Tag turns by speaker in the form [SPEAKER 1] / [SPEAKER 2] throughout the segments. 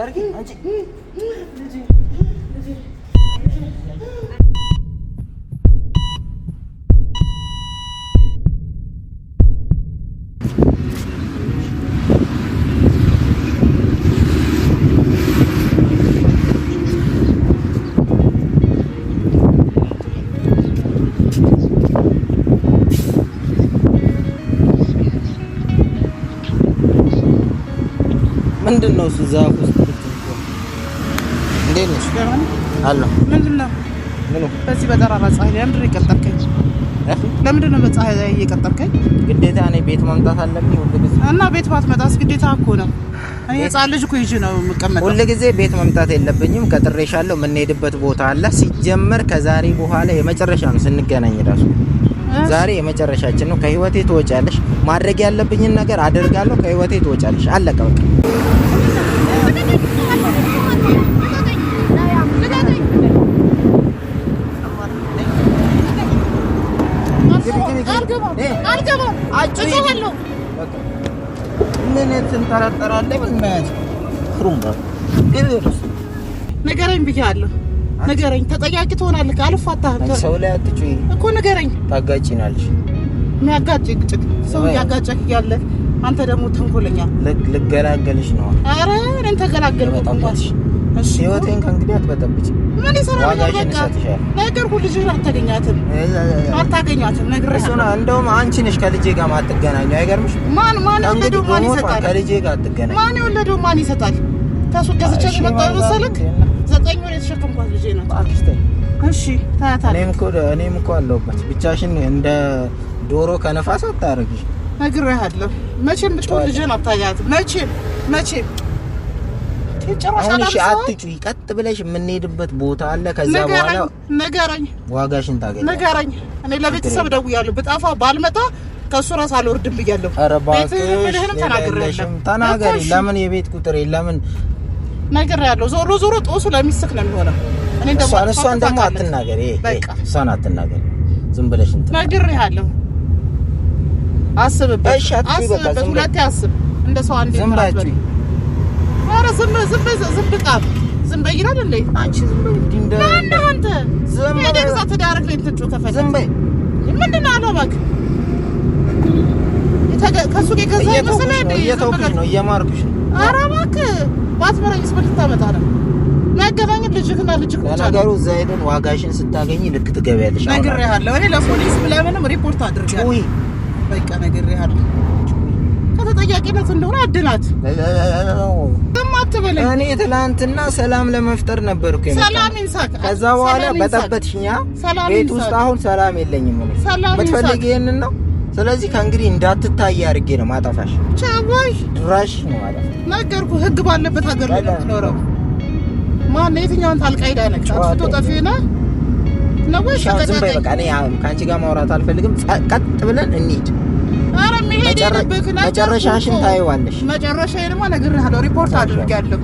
[SPEAKER 1] ሰርጌ አንቺ ምንድን ነው እሱ ዛፍ ውስጥ እንዴት ነሽ? አለሁ።
[SPEAKER 2] ምንድን ነው ምኑ? በዚህ በጠራራ ፀሐይ ለምንድን ነው የቀጠርከኝ? ለምንድን ነው በፀሐይ ላይ እየቀጠርከኝ?
[SPEAKER 1] ግዴታ እኔ ቤት መምጣት አለብኝ ሁልጊዜ።
[SPEAKER 2] እና ቤት ባትመጣስ? ግዴታ እኮ ነው። እኔ ህፃን ልጅ እኮ ይዤ ነው የምቀመጠው።
[SPEAKER 1] ሁልጊዜ ቤት መምጣት የለብኝም። ቀጥሬሻለሁ። የምንሄድበት ቦታ አለ። ሲጀመር ከዛሬ በኋላ የመጨረሻ ነው ስንገናኝ እራሱ ዛሬ የመጨረሻችን ነው። ከህይወቴ ትወጫለሽ። ማድረግ ያለብኝን ነገር አደርጋለሁ። ከህይወቴ ትወጫለሽ። አለቀ በቃ።
[SPEAKER 2] አልገባም አልገባም። እጮኻለሁ።
[SPEAKER 1] ምን ትንጠረጠራለህ? ምን መያዝ
[SPEAKER 2] ንገረኝ ብያለሁ። ንገረኝ። ተጠያቂ ትሆናለህ። አልፋታህም
[SPEAKER 1] ሰው ላይ አትጩኝ እኮ ንገረኝ። ታጋጭ ናለሽ።
[SPEAKER 2] የሚያጋጭ ግጭት ሰው እያጋጨህ እያለ አንተ ደግሞ ተንኮለኛ
[SPEAKER 1] ልገላገልሽ ነው።
[SPEAKER 2] ኧረ እኔን ተገላገልኩ።
[SPEAKER 1] ህይወቴን ከእንግዲህ አትበጠብጭ።
[SPEAKER 2] ምን ይሰራ ነገር በቃ ነገርኩ። ልጅን አታገኛትም አታገኛትም። ነግሬሽ
[SPEAKER 1] ነው። እንደውም አንቺ ነሽ ከልጄ ጋር ማትገናኙ። አይገርምሽ?
[SPEAKER 2] ማን ማን የወለደው ማን ይሰጣል?
[SPEAKER 1] ከልጄ ጋር አትገናኝ።
[SPEAKER 2] ማን የወለደው ማን ይሰጣል? ከሱቅ ገዝቼ ልመጣ መሰለክ። ዘጠኝ ወር የተሸከምኳት ልጄ ናት። እሺ ታያታለህ።
[SPEAKER 1] እኔም እኮ እኔም እኮ አለሁበት። ብቻሽን እንደ ዶሮ ከነፋስ አታረግሽ።
[SPEAKER 2] ነግሬሃለሁ። መቼም ብትሆን ልጄን አታያትም። መቼም መቼም
[SPEAKER 1] አሁን እሺ አትጩይ። ቀጥ ብለሽ የምንሄድበት ቦታ አለ። ከዛ በኋላ ንገረኝ፣ ዋጋሽን ታገኝ።
[SPEAKER 2] ንገረኝ። እኔ ለቤተሰብ ደውያለሁ። ብጠፋ ባልመጣ ከእሱ ራስ አልወርድም ብያለሁ።
[SPEAKER 1] ኧረ እባክሽ የለሽም ተናገሪ። ለምን የቤት ቁጥር ለምን
[SPEAKER 2] ነግሬያለሁ። ዞሮ ዞሮ ጦሱ ለሚስክ ነው የሚሆነው።
[SPEAKER 1] እሷን ደግሞ አትናገሪ፣ እሷን አትናገሪ። ዝም ብለሽ
[SPEAKER 2] እንትን ነግሬያለሁ። አስብበት፣ አስብበት። ሁለቴ አስብ። እንደ ሰው አንዴ ዝም በይ ኧረ ዝም ዝም ዝም ብቃ ዝም በይ ይላል እንዴ? አንቺ ዝም በይ እንደ ማን አንተ ዝም በይ ደግ ዛት ላይ እንትጩ ተፈለ ዝም በይ ምንድን ነው አለው ከሱ ጋር ከዛ
[SPEAKER 1] ይመስላል እንዴ? እየተውኩሽ ነው እየማርኩሽ ነው።
[SPEAKER 2] ኧረ እባክህ ባትመረኝስ ምን ልታመጣ ነው? መገናኘት ልጅህና ልጅህ
[SPEAKER 1] ብቻ ነገሩ። እዛ ዋጋሽን ስታገኝ ልክ ትገቢያለሽ።
[SPEAKER 2] ነግሬሃለሁ እኔ ለፖሊስ ምናምንም ሪፖርት አድርጋለሁ።
[SPEAKER 1] በቃ ነግሬሃለሁ።
[SPEAKER 2] ከተጠያቂነት እንደሆነ አድናት አትበለኝ።
[SPEAKER 1] እኔ ትናንትና ሰላም ለመፍጠር ነበርኩ።
[SPEAKER 2] ሰላም ይንሳካ።
[SPEAKER 1] ከዛ በኋላ በጠበትሽኛ ቤት ውስጥ አሁን ሰላም የለኝም። የምትፈልጊ ይሄንን ነው። ስለዚህ ከእንግዲህ እንዳትታይ አድርጌ ነው ማጠፋሽ። ቻባሽ ድራሽ ነው ማለት
[SPEAKER 2] ነገርኩ። ህግ ባለበት ሀገር ነው ነው። ማን የትኛውን አልቃይዳ ነች? አጥቶ ጠፊና ነው ወይ
[SPEAKER 1] ሸቀጣ? በቃ እኔ ከአንቺ ጋር ማውራት አልፈልግም። ቀጥ ብለን እንሂድ። መጨረሻሽን ታይዋለሽ።
[SPEAKER 2] መጨረሻዬንማ ነግሬሃለሁ። ሪፖርት አድርጌያለሁ።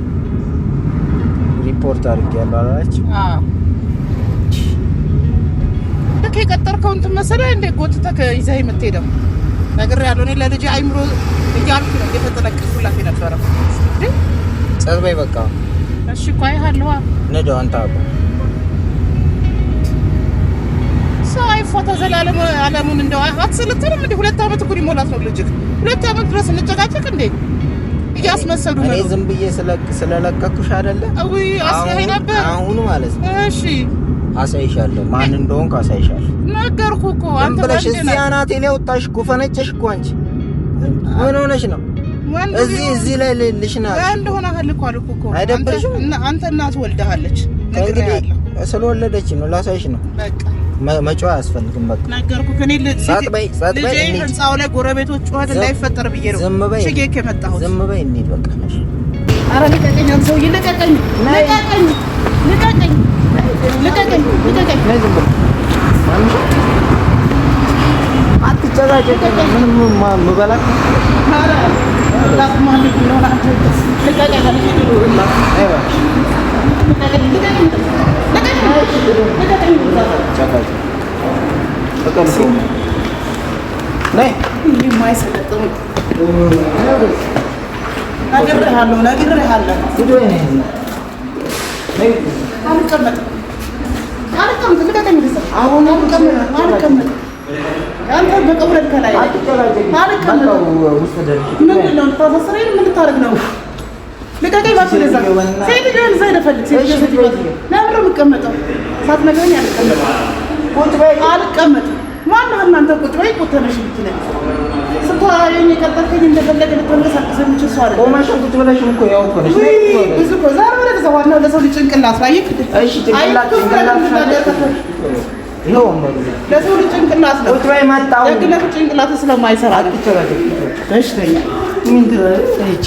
[SPEAKER 1] ሪፖርት አድርጌያለሁ አላለች።
[SPEAKER 2] ልክ የቀጠርከው እንትን መሰለህ እንደ ጎትተህ ይዘህ የምትሄደው ነግሬሃለሁ። እኔ ለልጄ አይምሮ እያልኩ ነው እየተጠነቀቅኩላት የነበረው። ጸጥ በይ በቃ። እሺ እኮ አይሃለሁ።
[SPEAKER 1] ንደው አንተ አቁም
[SPEAKER 2] ፎቶ ዘላለም አለሙን እንደው አትሰለጥንም እንዴ? ሁለት አመት እኮ ሊሞላት ነው ልጅ። ሁለት አመት ድረስ እንጨቃጨቅ እንዴ? እያስመሰሉ
[SPEAKER 1] ነው። እኔ ዝም ብዬ ስለለቀኩሽ አይደለ?
[SPEAKER 2] አይ አስያይ ነበር። አሁን ማለት ነው። እሺ
[SPEAKER 1] አሳይሻለሁ። ማን እንደሆንኩ አሳይሻለሁ።
[SPEAKER 2] ነገርኩ እኮ
[SPEAKER 1] አንተ ብለሽ እዚህ አናቴ ላይ ወጣሽ እኮ ፈነጨሽ እኮ አንቺ። ምን ሆነሽ ነው? እዚህ እዚህ ላይ ልልሽ ነው
[SPEAKER 2] ልሽና እንደሆነ አልኳል እኮ እኮ አይደብርሽም? አንተ እናት ወልደሃለች።
[SPEAKER 1] ነገር ያለ ስለወለደች ነው ላሳይሽ ነው በቃ መጮህ አያስፈልግም። በቃ ነገርኩህ። እኔ በይ
[SPEAKER 2] በይ። ላይ ጎረቤቶች ጩኸት እንዳይፈጠር ብዬ ነው። ዝም በይ ሽጌ ከመጣሁት
[SPEAKER 1] ዝም በይ። እንሂድ በቃ።
[SPEAKER 2] ኧረ ልቀቀኝ! ሰውዬ ልቀቀኝ! ልቀቀኝ! ልቀቀኝ! ልቀቀኝ!
[SPEAKER 1] አትጨቃጨቅ። ምንም የምበላት
[SPEAKER 2] ልቀቀኝ አንተ በቀብረድ
[SPEAKER 1] ምንድን
[SPEAKER 2] ነው ምን ልታደርግ ነው? ልቀቀኝ የምቀመጠው አልቀመጥም እናንተ ቁጭ በይ ቁጭ ተነሽ ብትለኝ እንደፈለገ ልትንቀሳቀስ የምችል ሰው አይደለም
[SPEAKER 1] ቆመሽ ቁጭ ብለሽ እኮ ያው እኮ
[SPEAKER 2] ነሽ ብዙ እኮ ዛሬ ወደ ዋናው ለሰው ልጅ ጭንቅላት
[SPEAKER 1] እሺ ጭንቅላት
[SPEAKER 2] ለሰው ልጅ ጭንቅላት
[SPEAKER 1] ነው ቁጭ በይ መጣሁ
[SPEAKER 2] ጭንቅላት ስለማይሰራ አጥቻለሁ እሺ
[SPEAKER 1] ምንድን ነው እቺ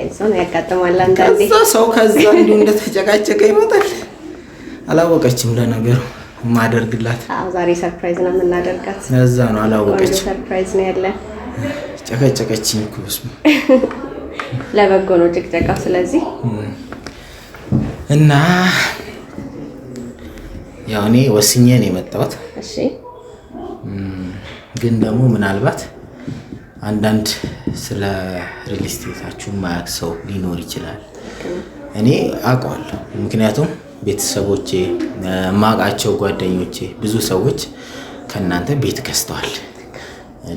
[SPEAKER 3] አይዞን ያጋጥማል
[SPEAKER 1] አንዳንዴ። ከዛ ሰው ከዛ እንዲሁ እንደተጨቃጨቀ ይመጣል። አላወቀችም ለነገሩ ማደርግላት
[SPEAKER 3] ዛሬ ሰርፕራይዝ ነው የምናደርጋት።
[SPEAKER 1] ለዛ ነው አላወቀችም።
[SPEAKER 3] ሰርፕራይዝ ነው ያለ።
[SPEAKER 1] ጨቀጨቀችኝ እኮ በስመ
[SPEAKER 3] ለበጎ ነው ጭቅጨቃው። ስለዚህ
[SPEAKER 1] እና ያው እኔ ወስኜ ነው የመጣሁት። እሺ ግን ደግሞ ምናልባት አንዳንድ ስለ ሪል ማያቅ ሰው ሊኖር ይችላል። እኔ አውቀዋለሁ፣ ምክንያቱም ቤተሰቦቼ፣ ማውቃቸው ጓደኞቼ ብዙ ሰዎች ከእናንተ ቤት ገዝተዋል፣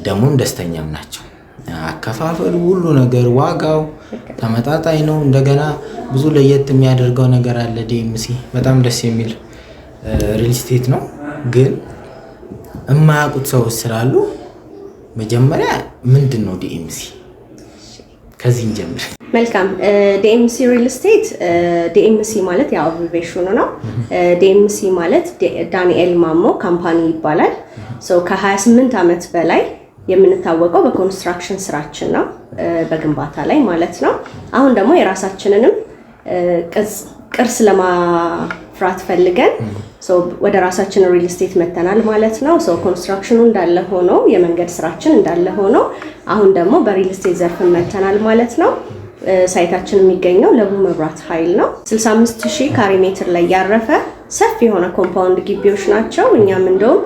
[SPEAKER 1] ደግሞም ደስተኛም ናቸው። አከፋፈሉ፣ ሁሉ ነገር ዋጋው ተመጣጣኝ ነው። እንደገና ብዙ ለየት የሚያደርገው ነገር አለ። ዲኤምሲ በጣም ደስ የሚል ሪል ስቴት ነው፣ ግን የማያውቁት ሰዎች ስላሉ መጀመሪያ ምንድን ነው ዲኤምሲ? ከዚህ እንጀምር።
[SPEAKER 4] መልካም። ዲኤምሲ ሪል ስቴት ዲኤምሲ ማለት ያው ነው። ዲኤምሲ ማለት ዳንኤል ማሞ ካምፓኒ ይባላል። ከ28 ዓመት በላይ የምንታወቀው በኮንስትራክሽን ስራችን ነው፣ በግንባታ ላይ ማለት ነው። አሁን ደግሞ የራሳችንንም ቅርስ ለማፍራት ፈልገን ወደ ራሳችን ሪል ስቴት መተናል ማለት ነው። ኮንስትራክሽኑ እንዳለ ሆኖ የመንገድ ስራችን እንዳለ ሆኖ አሁን ደግሞ በሪል ስቴት ዘርፍ መተናል ማለት ነው። ሳይታችን የሚገኘው ለቡ መብራት ኃይል ነው። 65 ሺህ ካሬ ሜትር ላይ ያረፈ ሰፊ የሆነ ኮምፓውንድ ግቢዎች ናቸው። እኛም እንደውም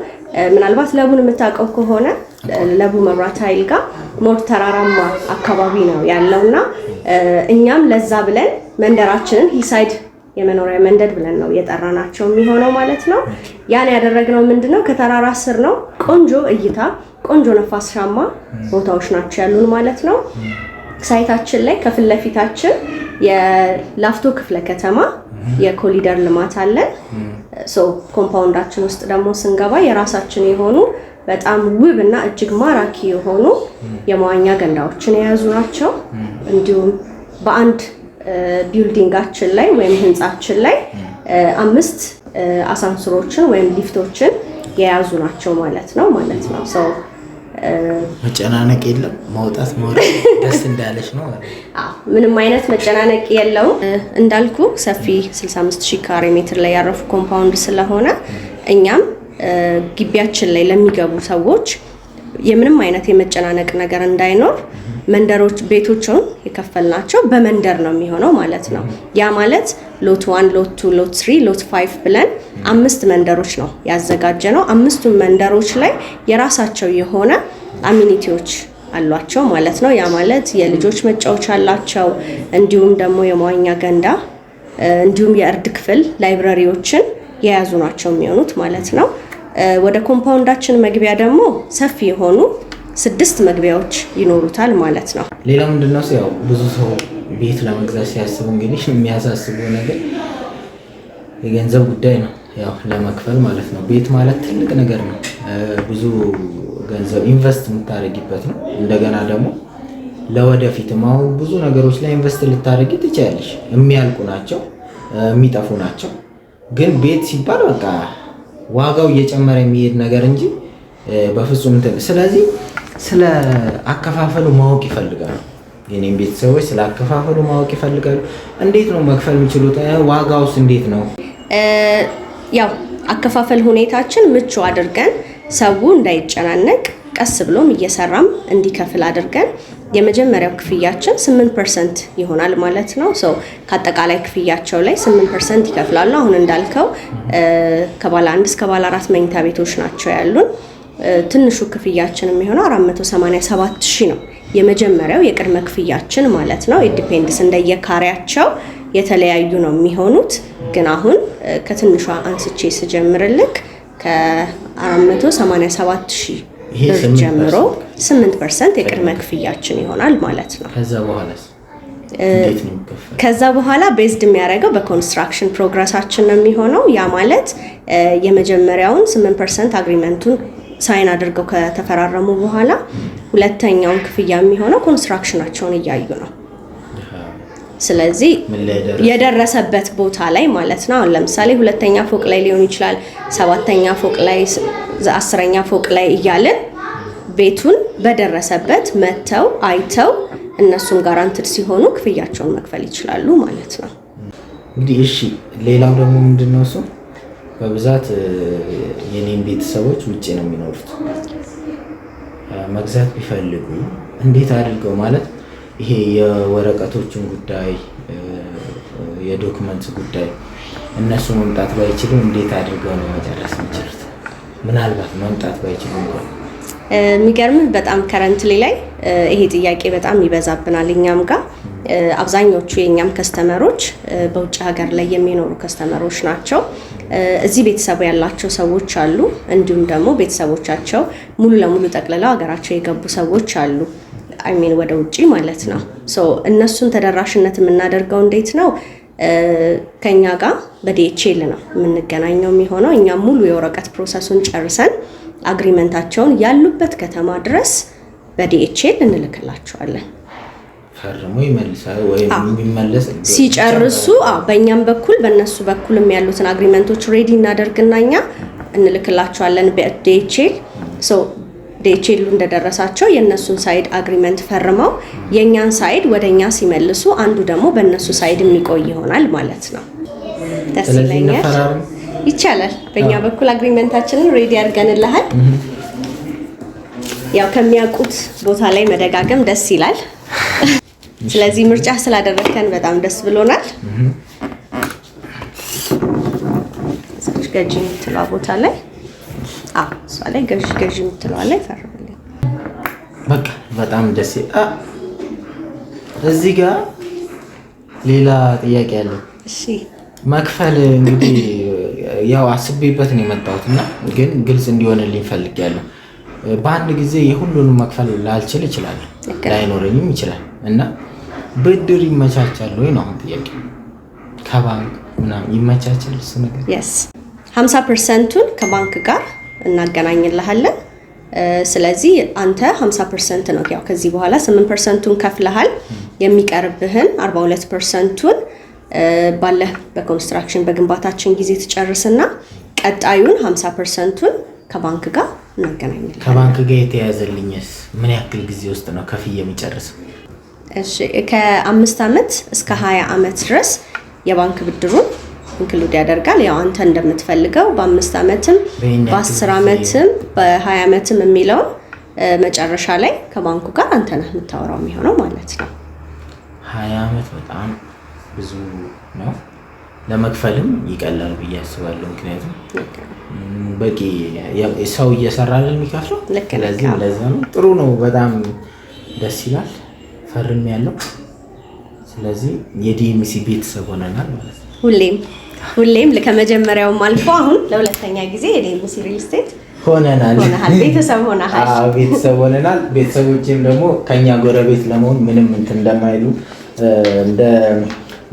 [SPEAKER 4] ምናልባት ለቡን የምታውቀው ከሆነ ለቡ መብራት ኃይል ጋር ሞር ተራራማ አካባቢ ነው ያለውና እኛም ለዛ ብለን መንደራችንን ሂሳይድ የመኖሪያ መንደድ ብለን ነው የጠራናቸው የሚሆነው ማለት ነው። ያን ያደረግነው ምንድነው ከተራራ ስር ነው። ቆንጆ እይታ፣ ቆንጆ ነፋሻማ ቦታዎች ናቸው ያሉን ማለት ነው። ሳይታችን ላይ ከፊት ለፊታችን የላፍቶ ክፍለ ከተማ የኮሊደር ልማት አለን። ኮምፓውንዳችን ውስጥ ደግሞ ስንገባ የራሳችን የሆኑ በጣም ውብ እና እጅግ ማራኪ የሆኑ የመዋኛ ገንዳዎችን የያዙ ናቸው። እንዲሁም በአንድ ቢልዲንጋችን ላይ ወይም ህንፃችን ላይ አምስት አሳንስሮችን ወይም ሊፍቶችን የያዙ ናቸው ማለት ነው ማለት ነው። ሰው
[SPEAKER 1] መጨናነቅ የለም። ማውጣት መውረድ ደስ እንዳለች ነው።
[SPEAKER 4] ምንም አይነት መጨናነቅ የለውም። እንዳልኩ ሰፊ 65 ሺህ ካሬ ሜትር ላይ ያረፉ ኮምፓውንድ ስለሆነ እኛም ግቢያችን ላይ ለሚገቡ ሰዎች የምንም አይነት የመጨናነቅ ነገር እንዳይኖር መንደሮች ቤቶችን የከፈልናቸው በመንደር ነው የሚሆነው ማለት ነው። ያ ማለት ሎት ዋን፣ ሎት ቱ፣ ሎት ስሪ፣ ሎት ፋይቭ ብለን አምስት መንደሮች ነው ያዘጋጀ ነው። አምስቱን መንደሮች ላይ የራሳቸው የሆነ አሚኒቲዎች አሏቸው ማለት ነው። ያ ማለት የልጆች መጫወቻ አላቸው፣ እንዲሁም ደግሞ የመዋኛ ገንዳ እንዲሁም የእርድ ክፍል ላይብረሪዎችን የያዙ ናቸው የሚሆኑት ማለት ነው። ወደ ኮምፓውንዳችን መግቢያ ደግሞ ሰፊ የሆኑ ስድስት መግቢያዎች ይኖሩታል ማለት ነው።
[SPEAKER 1] ሌላው ምንድነው ያው ብዙ ሰው ቤት ለመግዛት ሲያስቡ እንግዲህ የሚያሳስበው ነገር የገንዘብ ጉዳይ ነው። ያው ለመክፈል ማለት ነው። ቤት ማለት ትልቅ ነገር ነው። ብዙ ገንዘብ ኢንቨስት የምታደርጊበት ነው። እንደገና ደግሞ ለወደፊትም አሁን ብዙ ነገሮች ላይ ኢንቨስት ልታደርጊ ትችያለሽ። የሚያልቁ ናቸው፣ የሚጠፉ ናቸው። ግን ቤት ሲባል በቃ ዋጋው እየጨመረ የሚሄድ ነገር እንጂ በፍጹም ስለዚህ ስለ አከፋፈሉ ማወቅ ይፈልጋሉ። የኔም ቤተሰቦች ስለ አከፋፈሉ ማወቅ ይፈልጋሉ። እንዴት ነው መክፈል የሚችሉት? ዋጋውስ እንዴት ነው?
[SPEAKER 4] ያው አከፋፈል ሁኔታችን ምቹ አድርገን ሰው እንዳይጨናነቅ ቀስ ብሎም እየሰራም እንዲከፍል አድርገን የመጀመሪያው ክፍያችን 8 ፐርሰንት ይሆናል ማለት ነው። ሰው ከአጠቃላይ ክፍያቸው ላይ 8 ፐርሰንት ይከፍላሉ። አሁን እንዳልከው ከባለ አንድ እስከ ባለ አራት መኝታ ቤቶች ናቸው ያሉን። ትንሹ ክፍያችን የሚሆነው 487 ሺህ ነው የመጀመሪያው የቅድመ ክፍያችን ማለት ነው። ኢንዲፔንድስ እንደየካሬያቸው የተለያዩ ነው የሚሆኑት። ግን አሁን ከትንሿ አንስቼ ስጀምርልክ ከ487 ሺህ ብር ጀምሮ 8 ፐርሰንት የቅድመ ክፍያችን ይሆናል ማለት ነው። ከዛ በኋላ ቤዝድ የሚያደርገው በኮንስትራክሽን ፕሮግረሳችን ነው የሚሆነው። ያ ማለት የመጀመሪያውን 8 ፐርሰንት አግሪመንቱን ሳይን አድርገው ከተፈራረሙ በኋላ ሁለተኛውን ክፍያ የሚሆነው ኮንስትራክሽናቸውን እያዩ ነው። ስለዚህ የደረሰበት ቦታ ላይ ማለት ነው። አሁን ለምሳሌ ሁለተኛ ፎቅ ላይ ሊሆን ይችላል፣ ሰባተኛ ፎቅ ላይ፣ አስረኛ ፎቅ ላይ እያልን ቤቱን በደረሰበት መጥተው አይተው እነሱም ጋራንትድ ሲሆኑ ክፍያቸውን መክፈል ይችላሉ ማለት ነው።
[SPEAKER 1] እንግዲህ እሺ፣ ሌላው ደግሞ ምንድን ነው እሱ በብዛት የኔም ቤተሰቦች ውጭ ነው የሚኖሩት። መግዛት ቢፈልጉ እንዴት አድርገው ማለት ይሄ የወረቀቶችን ጉዳይ የዶክመንት ጉዳይ እነሱ መምጣት ባይችሉ እንዴት አድርገው ነው መጨረስ የሚችሉት? ምናልባት መምጣት ባይችሉ እንኳን
[SPEAKER 4] የሚገርምህ በጣም ከረንትሊ ላይ ይሄ ጥያቄ በጣም ይበዛብናል። እኛም ጋር አብዛኞቹ የእኛም ከስተመሮች በውጭ ሀገር ላይ የሚኖሩ ከስተመሮች ናቸው። እዚህ ቤተሰብ ያላቸው ሰዎች አሉ፣ እንዲሁም ደግሞ ቤተሰቦቻቸው ሙሉ ለሙሉ ጠቅልለው ሀገራቸው የገቡ ሰዎች አሉ። ሚን ወደ ውጭ ማለት ነው። እነሱን ተደራሽነት የምናደርገው እንዴት ነው? ከኛ ጋር በዲኤችኤል ነው የምንገናኘው የሚሆነው። እኛም ሙሉ የወረቀት ፕሮሰሱን ጨርሰን አግሪመንታቸውን ያሉበት ከተማ ድረስ በዲኤችኤል እንልክላቸዋለን።
[SPEAKER 1] ይመልሳል ወይም የሚመለስ
[SPEAKER 4] ሲጨርሱ፣ በእኛም በኩል በእነሱ በኩልም ያሉትን አግሪመንቶች ሬዲ እናደርግና እኛ እንልክላቸዋለን በዲኤችኤል ዲኤችኤሉ እንደደረሳቸው የእነሱን ሳይድ አግሪመንት ፈርመው የእኛን ሳይድ ወደ እኛ ሲመልሱ አንዱ ደግሞ በእነሱ ሳይድ የሚቆይ ይሆናል ማለት ነው።
[SPEAKER 1] ደስ ይለኛል።
[SPEAKER 4] ይቻላል። በእኛ በኩል አግሪመንታችንን ሬዲ አድርገንልሃል። ያው ከሚያውቁት ቦታ ላይ መደጋገም ደስ ይላል። ስለዚህ ምርጫ ስላደረግከን በጣም ደስ ብሎናል። ገጅ የምትሏ ቦታ ላይ እሷ ላይ ገዥ ገዥ
[SPEAKER 1] በቃ በጣም ደስ እዚህ ጋር ሌላ ጥያቄ አለ። መክፈል እንግዲህ ያው አስቤበት ነው የመጣሁት እና ግን ግልጽ እንዲሆንልኝ ፈልጌያለሁ። በአንድ ጊዜ የሁሉንም መክፈል ላልችል እችላለሁ፣ ላይኖረኝም ይችላል እና ብድር ይመቻቻል ወይ ነው አሁን ጥያቄ። ከባንክ ምናምን ይመቻቻል እሱ ነገር?
[SPEAKER 4] ሀምሳ ፐርሰንቱን ከባንክ ጋር እናገናኝልሃለን። ስለዚህ አንተ 50 ፐርሰንት ነው ያው ከዚህ በኋላ 8 ፐርሰንቱን ከፍለሃል። የሚቀርብህን 42 ፐርሰንቱን ባለህ በኮንስትራክሽን በግንባታችን ጊዜ ትጨርስና ቀጣዩን 50 ፐርሰንቱን ከባንክ ጋር እናገናኛለን።
[SPEAKER 1] ከባንክ ጋር የተያዘልኝስ ምን ያክል ጊዜ ውስጥ ነው ከፍዬ የሚጨርሰው?
[SPEAKER 4] ከአምስት ዓመት እስከ 20 ዓመት ድረስ የባንክ ብድሩን ኢንክሉድ ያደርጋል። ያው አንተ እንደምትፈልገው በአምስት ዓመትም በአስር ዓመትም በሀያ ዓመትም የሚለው መጨረሻ ላይ ከባንኩ ጋር አንተ ነህ የምታወራው የሚሆነው ማለት ነው።
[SPEAKER 1] ሀያ ዓመት በጣም ብዙ ነው። ለመክፈልም ይቀላል ብዬ አስባለሁ። ምክንያቱም በቂ ሰው እየሰራ እየሰራልን የሚከፍለው
[SPEAKER 4] ስለዚህ
[SPEAKER 1] ለዛ ነው። ጥሩ ነው። በጣም ደስ ይላል። ፈርም ያለው ስለዚህ የዲኤምሲ ቤተሰብ ሆነናል ማለት ነው
[SPEAKER 4] ሁሌም ሁሌም ከመጀመሪያውም አልፎ አሁን ለሁለተኛ ጊዜ የዴሙሲ ሪል ስቴት ሆነናል ቤተሰብ ሆነሃል።
[SPEAKER 1] ቤተሰብ ሆነናል። ቤተሰቦችም ደግሞ ከኛ ጎረቤት ለመሆን ምንም እንትን እንደማይሉ እንደ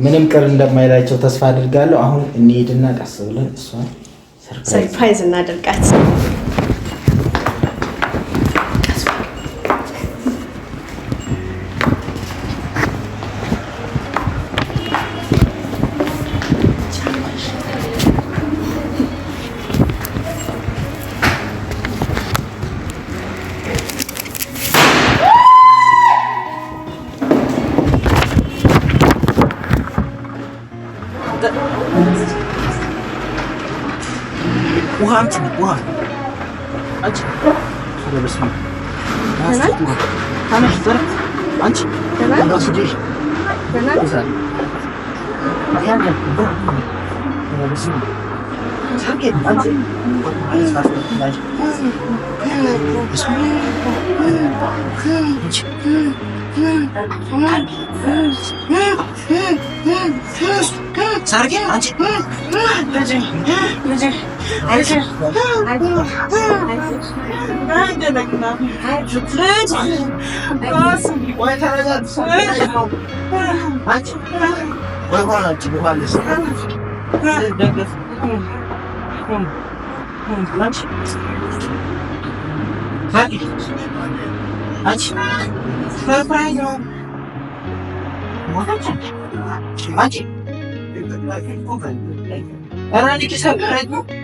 [SPEAKER 1] ምንም ቅር እንደማይላቸው ተስፋ አድርጋለሁ። አሁን እንሄድና ቀስ ብለን እሷን
[SPEAKER 4] ሰርፕራይዝ እናደርጋት።
[SPEAKER 1] One, one. 앉. 수레를 삼. 대만? 다음에 기다려. 앉.
[SPEAKER 4] 대만? 나 수지.
[SPEAKER 1] 대만? 이사. 아니야, 아니야. 무슨 사기 앉. 아니, 나 수지. 앉. 잘게 앉. 그지, 그지. 알지? 알지? 알지?
[SPEAKER 2] 나한나 알지?
[SPEAKER 1] 알지? 왜 잘하지? 알지? 왜 화났지? 왜 화났어? 알지? 아니, 아니,
[SPEAKER 4] 사사요.
[SPEAKER 1] 뭐하지? 아니, 나라니까 사가지고.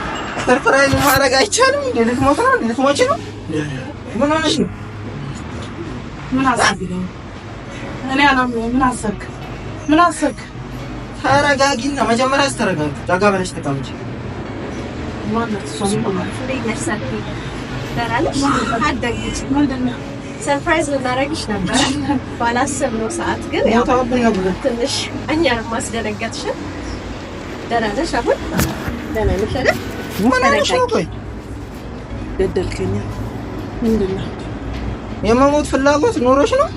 [SPEAKER 1] ሰርፕራይዝ ማድረግ አይቻልም። እንደ ልትሞት ነው፣ እንደ ልትሞች ነው። ምን ሆነሽ ነው?
[SPEAKER 2] ምን አሳብለው? እኔ አላምነው። ምን አሰብክ? ምን አሰብክ?
[SPEAKER 1] ተረጋጊና መጀመሪያ ስተረጋጊ ጠጋ ብለሽ ተቀምጪ።
[SPEAKER 3] ሰርፕራይዝ ልናደርግሽ ነበር ባላሰብነው ሰዓት፣
[SPEAKER 1] ግን ትንሽ
[SPEAKER 3] እኛንም ማስደነገጥሽን። ደህና ነሽ አሁን? ደህና ነሽ አይደል?
[SPEAKER 1] ምን ምንድን ነው የመሞት ፍላጎት ኖሮች ነው?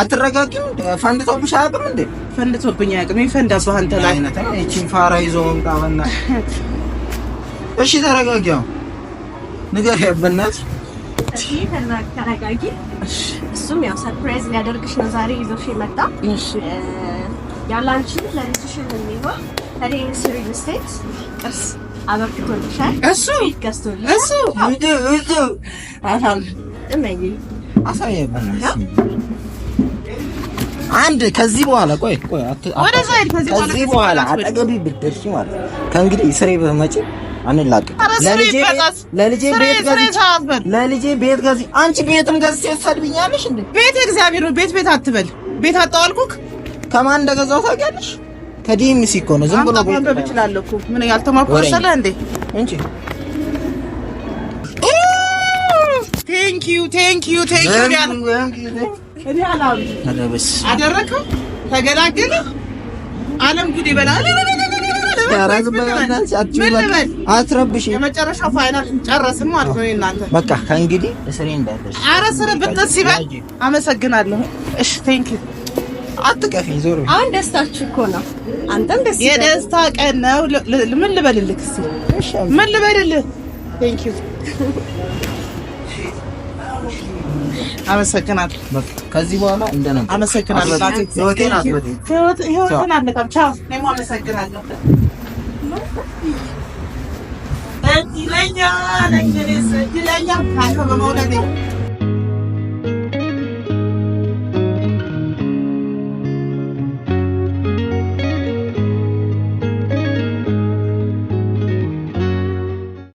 [SPEAKER 1] አትረጋጊም? ፈንድቶብሽ አያውቅም እንዴ?
[SPEAKER 2] ፈንድቶብኝ አያውቅም። ይፈንዳ ባንተ
[SPEAKER 1] ላይ አይነት ፋራ ይዞ ወንቃውና እሺ፣ ተረጋጊ። አሁን ንገሪያ በእናትሽ
[SPEAKER 3] ተረጋጊ። እሱም ያው ሰርፕራይዝ ሊያደርግሽ ነው ዛሬ ይዞሽ የመጣ ያላንቺ ለልጅሽን የሚሆን ሪል ስቴት ቅርስ
[SPEAKER 1] አንድ ከዚህ በኋላ ቆይ ቆይ፣ ከዚህ በኋላ አጠገቢ ብትደርሺ ማለት ከእንግዲህ ስሬ በመጪ አንላቅም። ለልጄ ቤት ገዝቼ ለልጄ ቤት ገዝቼ
[SPEAKER 2] አንቺ ቤትም ገዝቼ ትሰድብኛለሽ እንዴ? ቤት እግዚአብሔር ቤት ቤት አትበል። ቤት አጣዋልኩክ ከማን እንደገዛው ታውቂያለሽ?
[SPEAKER 1] ከዲኤምሲ እኮ ነው። ዝም ብሎ
[SPEAKER 2] ማንበብ እችላለሁ እኮ ምን ያልተማርኩ መሰለህ እንዴ? እንጂ ቴንክ ዩ ቴንክ አትረብሽ። የመጨረሻው ፋይናል ጨረስን ማለት ነው።
[SPEAKER 1] እናንተ በቃ ከእንግዲህ እስሬ እንዳለሽ።
[SPEAKER 2] ኧረ ስር ብጥስ ይበል። አመሰግናለሁ። እሺ ቴንክ ዩ
[SPEAKER 1] አትቀፊኝ። ዞር
[SPEAKER 2] አሁን ደስታችሁ እኮ ነው። አንተም ደስ የደስታ ቀን ነው። ምን ልበልልህ? እሺ ምን ልበልልህ? ቴንክ ዩ አመሰግናለሁ። ከዚህ በኋላ እንደነበረ አመሰግናለሁ።
[SPEAKER 1] ህይወቴን አትበለኝ።
[SPEAKER 2] ቻው። እኔም አመሰግናለሁ። እድለኛ ነኝ እኔ እድለኛ በመውለዴ